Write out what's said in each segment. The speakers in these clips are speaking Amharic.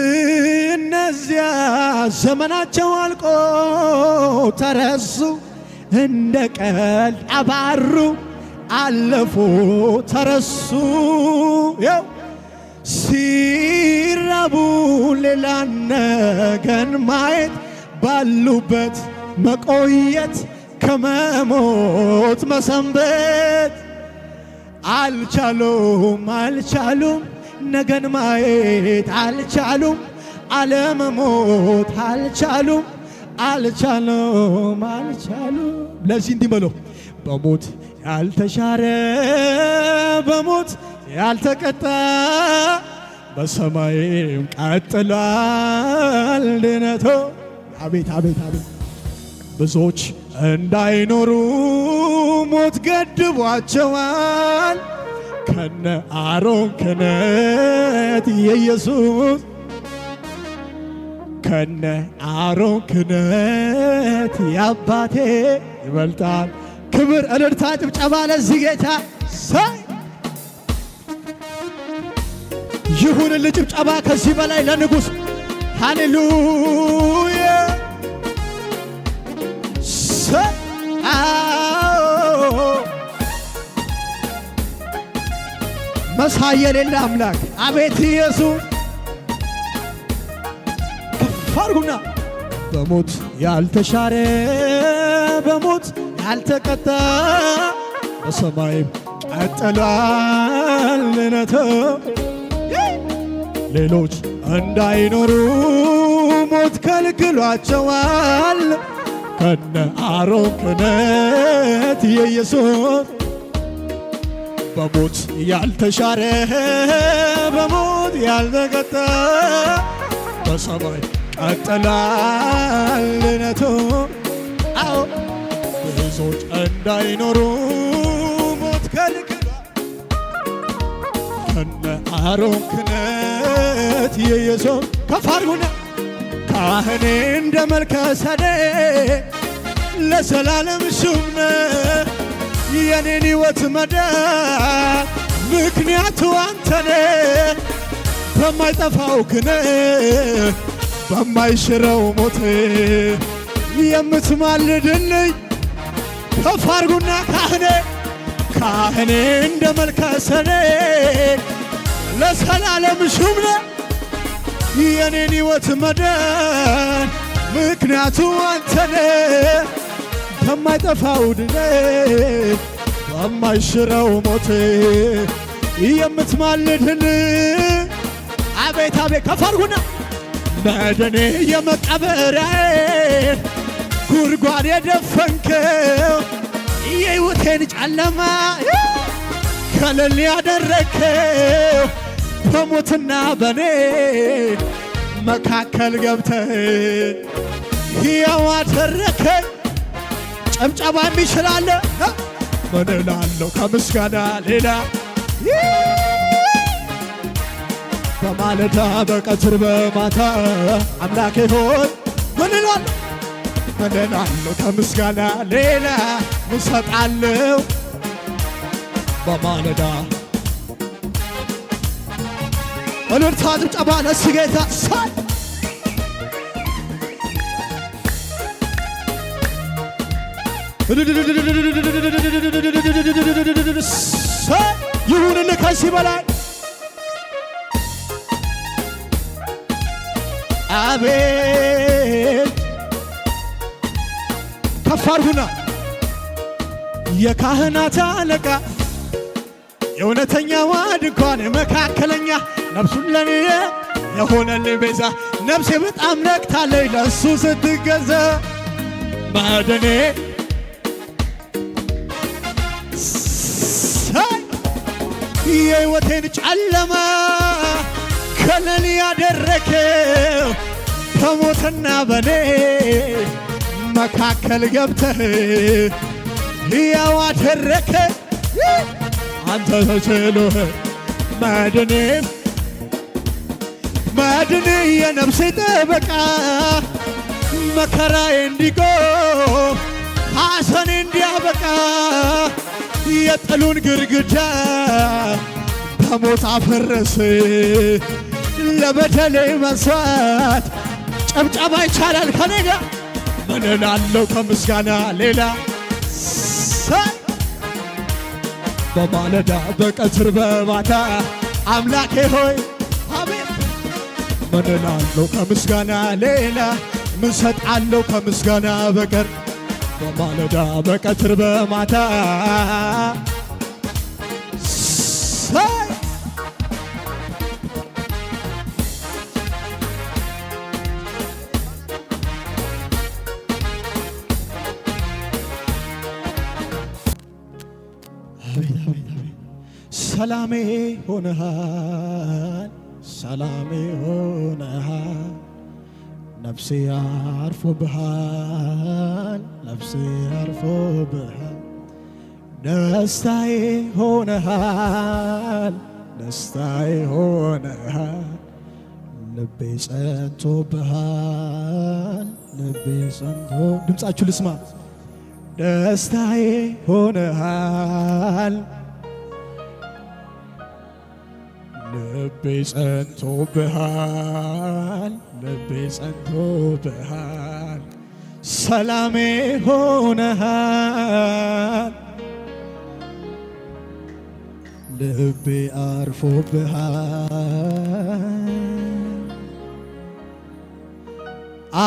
እነዚያ ዘመናቸው አልቆ ተረሱ፣ እንደ ቀልድ አባሩ፣ አለፉ፣ ተረሱ። ያው ሲራቡ ሌላ ነገን ማየት ባሉበት መቆየት ከመሞት መሰንበት አልቻሉም አልቻሉም ነገን ማየት አልቻሉም። ዓለም ሞት አልቻሉም አልቻሉም አልቻሉም። ለዚህ እንዲህ በለው በሞት ያልተሻረ በሞት ያልተቀጣ በሰማይም ቀጥሏል ድነቶ። አቤት አቤት አቤት ብዙዎች እንዳይኖሩ ሞት ገድቧቸዋል። ከነ አሮን ክነት የኢየሱስ ከነ አሮን ክነት የአባቴ ይበልጣል። ክብር እልልታ፣ ጭብጨባ ለዚህ ጌታ ሳይ ይሁንል። ጭብጨባ ከዚህ በላይ ለንጉሥ ሃሌሉያ መሳይ የሌለ አምላክ አቤት ኢየሱስ ከፍ በሞት ያልተሻረ በሞት ያልተቀጣ በሰማይ ቀጥሏል ነተ ሌሎች እንዳይኖሩ ሞት ከልክሏቸዋል ከነ አሮን ክነት የኢየሱስ በሞት ያልተሻረ በሞት ያልተቀጣ በሰማይ ቀጥላል ልደቱ አዎ ብዙዎች እንዳይኖሩ ሞት ከልክላ ከነ አሮን ክነት የኢየሱስ ከፋርጉነ ካህኔ እንደ መልከ ሰዴ ለዘላለም ሹምነ የኔን ህይወት መዳን ምክንያቱ አንተነ በማይጠፋው ክነ በማይሽረው ሞት የምትማልድልኝ ከፋርጉና አድርጉና ካህኔ ካህኔ እንደ መልከ ለሰላለም ሹምነ የኔን ህይወት መዳን ምክንያቱ አንተነ ከማይጠፋው ድኔ ከማይሽረው ሞቴ የምትማልድን አቤት አቤት ከፈርሁና መደኔ የመቃብሬን ጉድጓድ የደፈንከው የሕይወቴን ጨለማ ከለል ያደረከው በሞትና በኔ መካከል ገብተህ ሕያው አደረከኝ። ጭብጨባ የሚችላለ ምን እላለሁ ከምስጋና ሌላ በማለዳ በቀትር በማታ አምላኬ ሆይ ምን እላለሁ ምን እላለሁ ከምስጋና ሌላ ምን በማለዳ እልልታ ጭብጨባ ለጌታ ሳል ይሁንን ከዚህ በላይ አቤት ከፍ አድርጉና የካህናት አለቃ የእውነተኛ ድንኳን መካከለኛ ነፍሱን ለኔ የሆነልኝ ቤዛ ነፍሴ በጣም ነቅታለች ለእሱ ስትገዛ ማደኔ የሕይወቴን ጨለማ ከለል ያደረከው በሞትና በኔ መካከል ገብተህ ሕያው አደረከ አንተ ተችሎ መድኔ መድኔ የነፍሴ ጠበቃ መከራዬ እንዲቆም ሐዘኔ እንዲያበቃ የጥሉን ግድግዳ በሞት አፈረሰ። ለበደሌ መስዋዕት ጨብጨባ ይቻላል ከኔ ጋ ምን እላለሁ ከምስጋና ሌላ በማለዳ በቀትር በማታ አምላኬ ሆይ አቤት ምን እላለሁ ከምስጋና ሌላ ምን ሰጣለሁ ከምስጋና በቀር በማለዳ በቀትር በማታ ሰላሜ ሆነሃል፣ ሰላሜ ሆነሃል ነፍሴ አርፎ ብሃል ነፍሴ አርፎ ብሃል ደስታዬ ሆነሃል ደስታዬ ሆነሃል ልቤ ጸንቶ ልቤ ጸንቶ ድምፃችሁ ልስማ ደስታዬ ሆነሃል ልቤ ጸንቶ ብሃል ልቤ ጸንቶ ብሃል ሰላሜ ሆነሃል ልቤ አርፎ ብሃል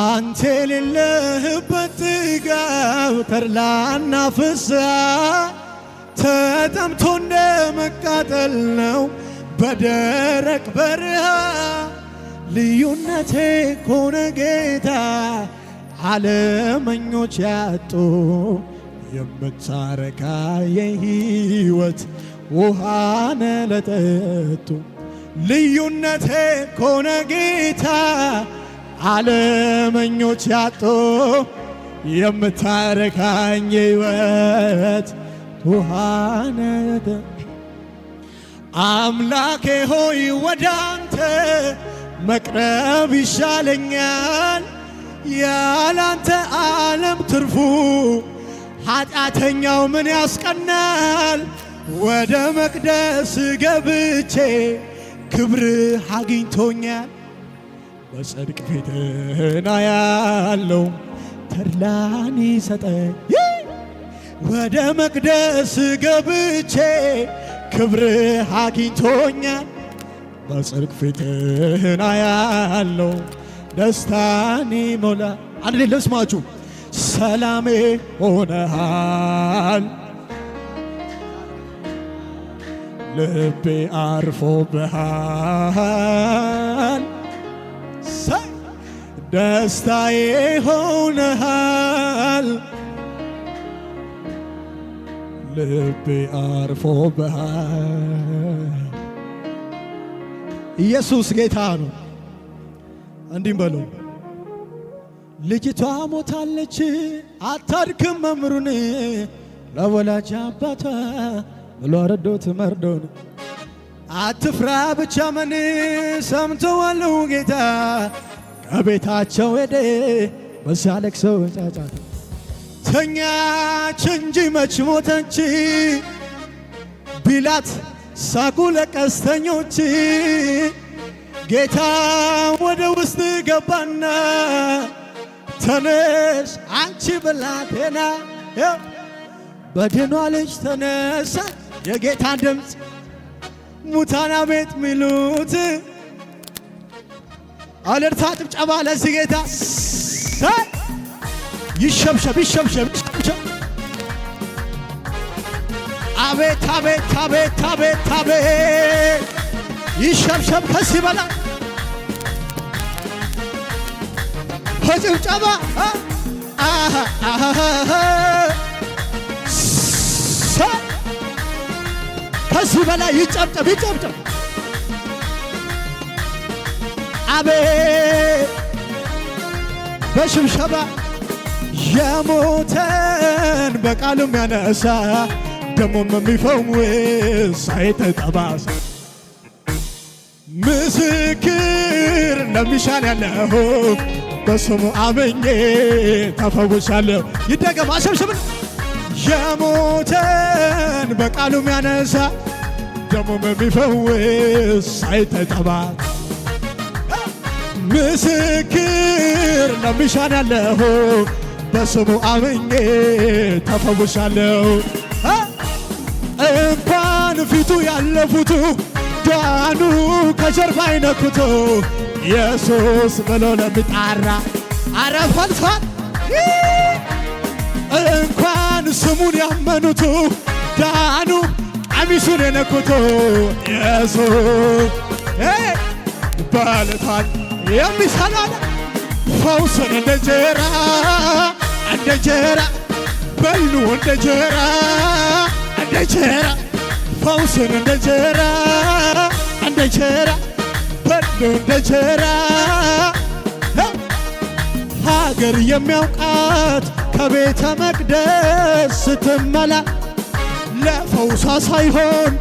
አንተ የሌለህበት ጥጋብ ተድላና ፍስሃ ተጠምቶ እንደ መቃጠል ነው። በደረቅ በረሃ ልዩነቴ ኮነ ጌታ ዓለመኞች ያጡ የምታረካ የህይወት ውሃነ ለጠጡ ልዩነቴ ኮነ ጌታ ዓለመኞች ያጡ የምታረካኝ ህይወት ውሃነ አምላኬ ሆይ ወዳንተ መቅረብ ይሻለኛል። ያላንተ ዓለም ትርፉ ኃጢአተኛው ምን ያስቀናል? ወደ መቅደስ ገብቼ ክብር አግኝቶኛል። በጽድቅ ፌትና አያለው ተድላን ይሰጠኝ ወደ መቅደስ ገብቼ ክብር አግኝቶኛል በጽድቅ ፊትህን አያለው ደስታን ሞላ አንድ ሌለ ስማችሁ ሰላሜ ሆነሃል ልቤ አርፎብሃል ደስታዬ ሆነሃል ልቤ አርፎብሃል። ኢየሱስ ጌታ ነው። እንዲህም በሉ ልጅቷ ሞታለች፣ አታድክም መምሩን ለወላጅ አባቷ ብሎ ረዶት መርዶን አትፍራ ብቻ መን ሰምተዋለሁ ጌታ ከቤታቸው ሄደ በሳለቅ ሰው ጫጫታ ተኛች እንጂ መች ሞተች ቢላት ሳቁ ለቀስተኞች ጌታ ወደ ውስጥ ገባና ተነሽ አንቺ ብላቴና በድኗ ልጅ ተነሰ የጌታ ድምፅ ሙታና ቤት ሚሉት አለርታ ጭብጨባ ለዚህ ጌታ ይሸምሸም ይሸምሸም ይሸምሸም። አቤት አቤት አቤት አቤት አቤት ይሸምሸም ከስ ይበላል በጭብጨባ ከዚህ በላይ ይጨብጨብ ይጨብጨብ። አቤት በሽብሸባ የሞተን በቃሉ የሚያነሳ ደሞም የሚፈውስ አይተጠባሳ ምስክር ለሚሻል ያለሁ በስሙ አመኜ ተፈውሻለሁ። ይደገም አሸብሽብን የሞተን በቃሉ የሚያነሳ ደሞም የሚፈውስ አይተጠባ ምስክር ለሚሻል ያለሁ በስሙ አምኜ ተፈውሻለሁ። እንኳን ፊቱ ያለፉቱ ዳኑ ከጀርባ አይነኩቶ ኢየሱስ ብሎ ለሚጣራ አረ ፈልሷል። እንኳን ስሙን ያመኑቱ ዳኑ ቀሚሱን የነኩቶ ኢየሱስ በልቷል። የሚሰላለ ፈውስን እንደ እንጀራ እንደ ጀራ በሉ እንደ እንጀራ እንደ እንጀራ ፈውስን እንደ እንጀራ እንደ እንጀራ በሉ እንደ እንጀራ ሀገር የሚያውቃት ከቤተ መቅደስ ስትመላ ለፈውሷ ሳይሆን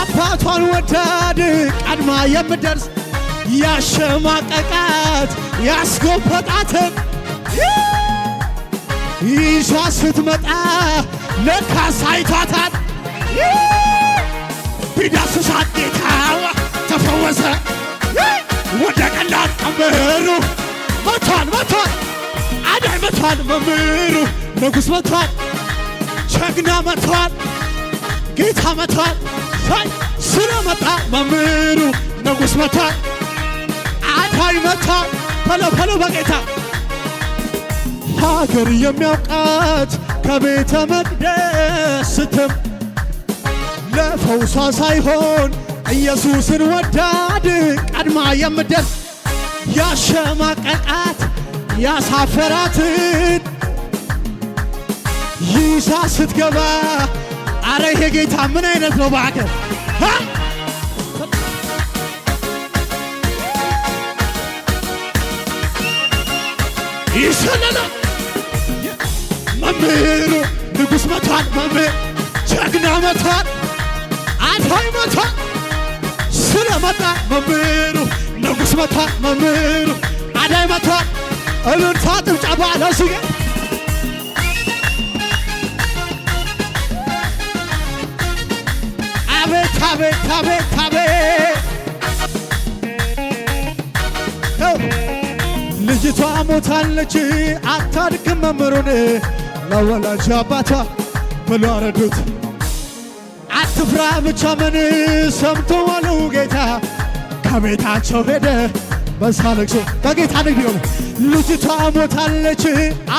አባቷን ወዳድ ቀድማ የምደርስ ያሸማቀቃት ያስጎበጣትን ይሻ ስትመጣ ለካ ሳይቷታል ቢዳስሳ ጌታ ተፈወሰ። ወደ ቀላል ቀምሩ መቷል መቷል አዳይ መቷል መምሩ ንጉሥ መቷል ጀግና መቷል ጌታ መቷል ሳይ መጣ መምሩ ንጉሥ መቷል አዳይ መቷል ፈለፈለው በጌታ ሀገር የሚያውቃት ከቤተ መቅደስ ስትም ለፈውሷ ሳይሆን ኢየሱስን ወዳድ ቀድማ የምደርስ ያሸማቀቃት ያሳፈራትን ይዛ ስትገባ አረ ይሄ ጌታ ምን አይነት ነው በአገር ይሰለላል መምህሩ ንጉሥ መቷል፣ መምህር ጀግና መቷል፣ አታይ መቷል። ስለመጣ መምህሩ ንጉሥ መቷል፣ መምህሩ አዳይ መቷል። እልልታ ጭብጨባ ለስጌ አቤት አቤት አቤት አቤት ልጅቷ ሞታለች አታድክም መምህሩን ለወላጅ አባቷ ብሎ አረዱት። አትፍራ ብቻ ምን ሰምቶ ዋለው ጌታ ከቤታቸው ሄደ በሳለቅሶ በጌታ ንግድ ሆነ ልጅቷ ሞታለች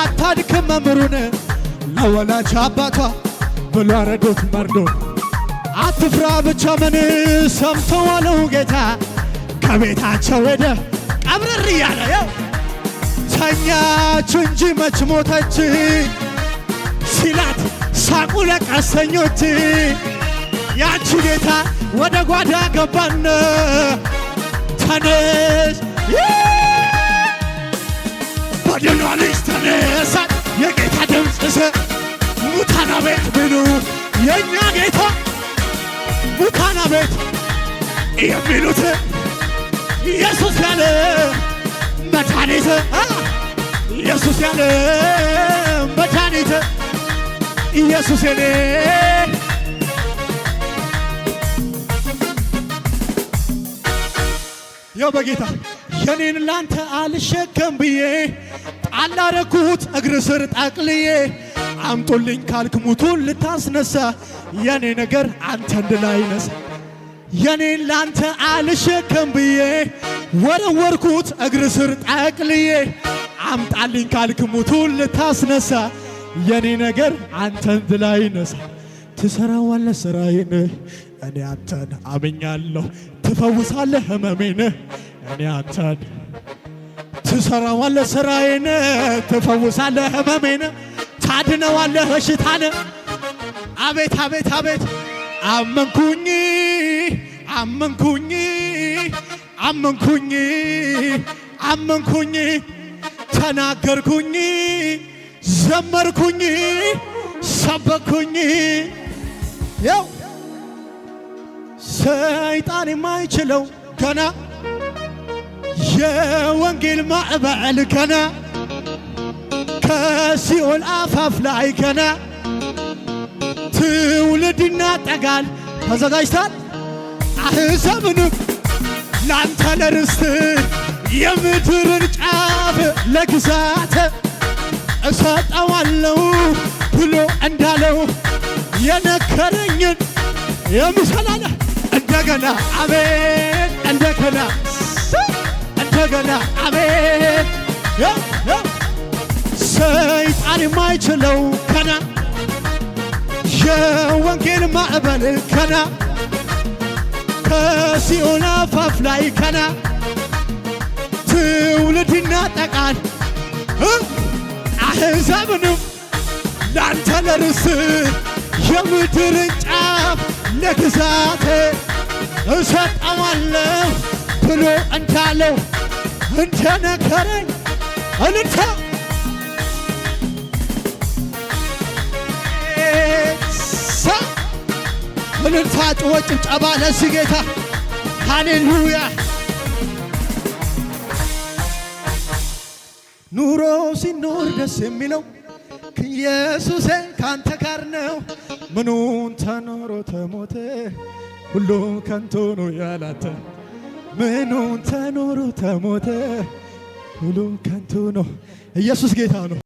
አታድክም መምሩን ለወላጅ አባቷ ብሎ አረዱት መርዶ አትፍራ ብቻ ምን ሰምቶ ዋለው ጌታ ከቤታቸው ሄደ ቀብረር እያለ ተኛች እንጂ መች ሞተች ሲላት ሳቁ ለቀስተኞች ያንቺ ጌታ ወደ ጓዳ ገባን ተነስ በድኗ ልጅ ተነሳ የጌታ ድምፅ ሰ ሙታና ቤት ብሉ የእኛ ጌታ ሙታና ቤት የሚሉት ኢየሱስ ያለ መድኃኒት ኢየሱስ ያለ መድኃኒት ኢየሱስ የኔ ያው በጌታ የኔን ላንተ አልሸከም ብዬ ጣላረኩት እግር ስር ጠቅልዬ አምጡልኝ ካልክ ሙቱን ልታስነሳ የኔ ነገር አንተ እንድላይነሳ የኔን ላንተ አልሸከም ብዬ ወረወርኩት እግር ስር ጠቅልዬ አምጣልኝ ካልክ ሙቱን ልታስነሳ የኔ ነገር አንተን ድል አይነሳም። ትሰራዋለህ ስራዬን እኔ አንተን አምኛለሁ። ትፈውሳለህ ህመሜን እኔ አንተን ትሰራዋለህ ስራዬን ትፈውሳለህ ህመሜን ታድነዋለህ በሽታን አቤት አቤት አቤት አመንኩኝ አመንኩኝ አመንኩኝ አመንኩኝ ተናገርኩኝ ዘመርኩኝ፣ ሰበኩኝ። ያው ሰይጣን የማይችለው ገና የወንጌል ማዕበል ገና ከሲኦል አፋፍ ላይ ገና ትውልድ ይናጠጋል። ተዘጋጅታል አሕዛብንም ላንተ ለርስት የምድርን ጫፍ ለግዛት እሰጠዋለሁ ብሎ እንዳለው የነከረኝን የምሰላለ እንደገና አቤት እንደገና እንደገና አቤት ሰይጣን የማይችለው ከና የወንጌል ማዕበል ከና ከሲኦል አፋፍ ላይ ከና ትውልድና ይናጠቃል አሕዛብንም ላንተ ለርስ የምድርን ጫፍ ለግዛት እሰጠዋለሁ ብሎ እንዳለው እንደነገረኝ እልልታ እልልታ ጩኸ ጭብጨባ ለዚህ ሃሌሉያ ኑሮ ሲኖር ደስ የሚለው ኢየሱሴ ካንተ ጋር ነው። ምኑን ተኖሮ ተሞተ ሁሉም ከንቱ ነው ያላተ ምኑን ተኖሮ ተሞተ ሁሉም ከንቱ ነው። ኢየሱስ ጌታ ነው።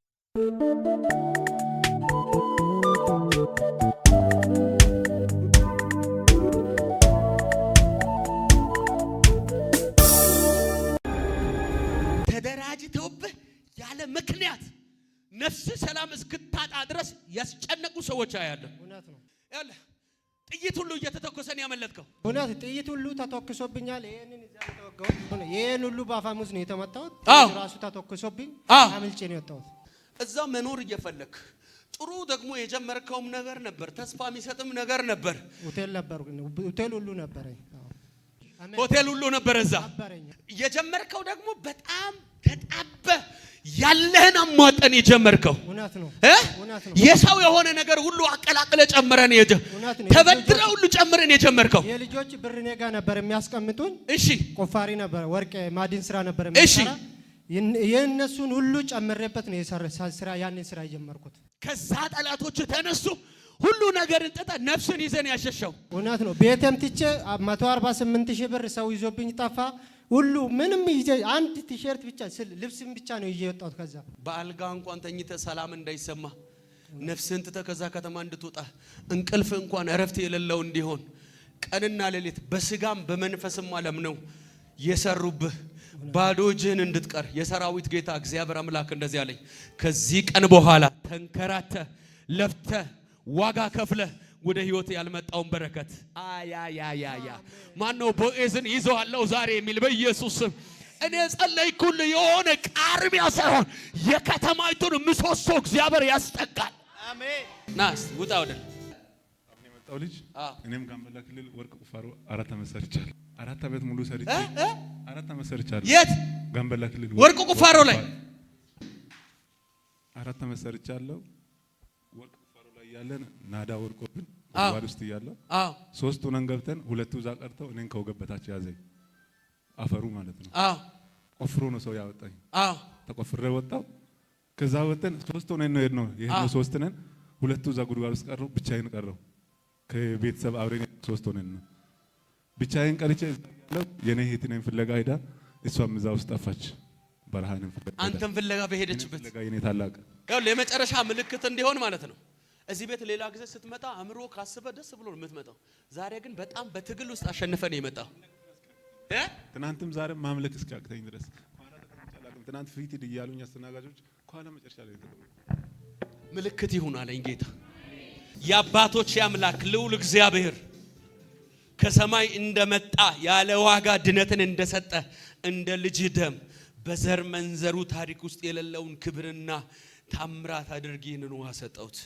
ተደራጅተውበት ምክንያት ነፍስ ሰላም እስክታጣ ድረስ ያስጨነቁ ሰዎች አያለሁ። እውነት ነው። ያለ ጥይት ሁሉ እየተተኮሰን ያመለጥከው እውነት፣ ጥይት ሁሉ ተተኩሶብኛል። ይሄንን እዛ ተወጋው። ይሄን ሁሉ በአፋሙዝ ነው የተመታሁት። ራሱ ተተኩሶብኝ አምልጬ ነው የወጣሁት። እዛ መኖር እየፈለክ ጥሩ ደግሞ የጀመርከውም ነገር ነበር፣ ተስፋ የሚሰጥም ነገር ነበር። ሆቴል ነበር፣ ሆቴል ሁሉ ነበር፣ ሆቴል ሁሉ ነበር። እዛ የጀመርከው ደግሞ በጣም ተጣበ ያለህን አሟጠን የጀመርከው የሰው የሆነ ነገር ሁሉ አቀላቅለ ጨምረን ተበድረ ሁሉ ጨምረን የጀመርከው የልጆች ብር እኔ ነበር የሚያስቀምጡኝ። እሺ ቆፋሪ ነበር፣ ወርቅ ማዲን ስራ ነበር። እሺ የእነሱን ሁሉ ጨምሬበት ነው ስራ ያንን ስራ የጀመርኩት። ከዛ ጠላቶች ተነሱ። ሁሉ ነገር እንጠጣ ነፍስን ይዘን ያሸሸው እውነት ነው። ቤተም ትቼ 148 ሺህ ብር ሰው ይዞብኝ ጠፋ። ሁሉ ምንም ይዤ አንድ ቲሸርት ብቻ ስል ልብስም ብቻ ነው ይዤ የወጣሁት። ከዛ በአልጋ እንኳን ተኝተ ሰላም እንዳይሰማ ነፍስህን ትተ ከዛ ከተማ እንድትወጣ እንቅልፍ እንኳን እረፍት የሌለው እንዲሆን ቀንና ሌሊት በስጋም በመንፈስም ዓለም ነው የሰሩብህ። ባዶ እጅህን እንድትቀር የሰራዊት ጌታ እግዚአብሔር አምላክ እንደዚህ አለኝ። ከዚህ ቀን በኋላ ተንከራተ ለፍተ ዋጋ ከፍለ ወደ ህይወት ያልመጣውን በረከት አያያያያ ማነው ቦዔዝን ይዘዋለሁ ዛሬ የሚል በኢየሱስ ስም እኔ ጸለይኩል። የሆነ ቃርሚያ ሳይሆን የከተማይቱን ምሰሶ እግዚአብሔር ያስጠጋል። ናስ ውጣ ወደ የመጣው ልጅ እኔም ጋምቤላ ክልል ወርቅ ቁፋሮ አራት ዓመት ሰርቻለሁ። አራት ዓመት ሙሉ ሰርቼ አራት ዓመት ሰርቻለሁ። የት ጋምቤላ ክልል ወርቅ ቁፋሮ ላይ አራት ዓመት ሰርቻለሁ። እያለን ናዳ ወድቆብን ጉድጓድ ውስጥ እያለሁ ሶስት ሆነን ገብተን ሁለቱ እዛ ቀርተው እኔን ከወገብ ያዘኝ። አፈሩ ማለት ነው። ቆፍሮ ነው ሰው ያወጣኝ። ተቆፍሬ ወጣሁ። ከዛ ወጥተን ሶስት ሆነን ነው የሄድነው። ሶስት ነን። ሁለቱ እዛ ጉድጓድ ውስጥ ብቻዬን ከቤተሰብ ሶስት ሆነን ነው። ብቻዬን ቀርቼ የኔ እህት ፍለጋ ሄዳ እሷም እዛ ውስጥ ጠፋች። በረሃንም ፍለጋ አንተም ፍለጋ በሄደችበት የኔ ታላቅ የመጨረሻ ምልክት እንዲሆን ማለት ነው። እዚህ ቤት ሌላ ጊዜ ስትመጣ አእምሮ ካስበ ደስ ብሎ ነው የምትመጣው። ዛሬ ግን በጣም በትግል ውስጥ አሸንፈ ነው የመጣው። ትናንትም ዛሬም ማምለክ እስኪያቅተኝ ድረስ ትናንት ፊት እያሉኝ አስተናጋጆች ከኋላ መጨረሻ ላይ ምልክት ይሁን አለኝ ጌታ። የአባቶች አምላክ ልዑል እግዚአብሔር ከሰማይ እንደመጣ ያለ ዋጋ ድነትን እንደሰጠ እንደ ልጅ ደም በዘር መንዘሩ ታሪክ ውስጥ የሌለውን ክብርና ታምራት አድርጊ ንንዋ ሰጠውት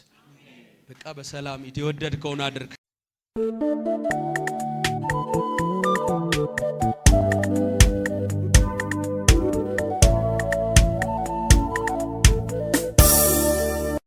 በቃ በሰላም የተወደድከውን አድርግ።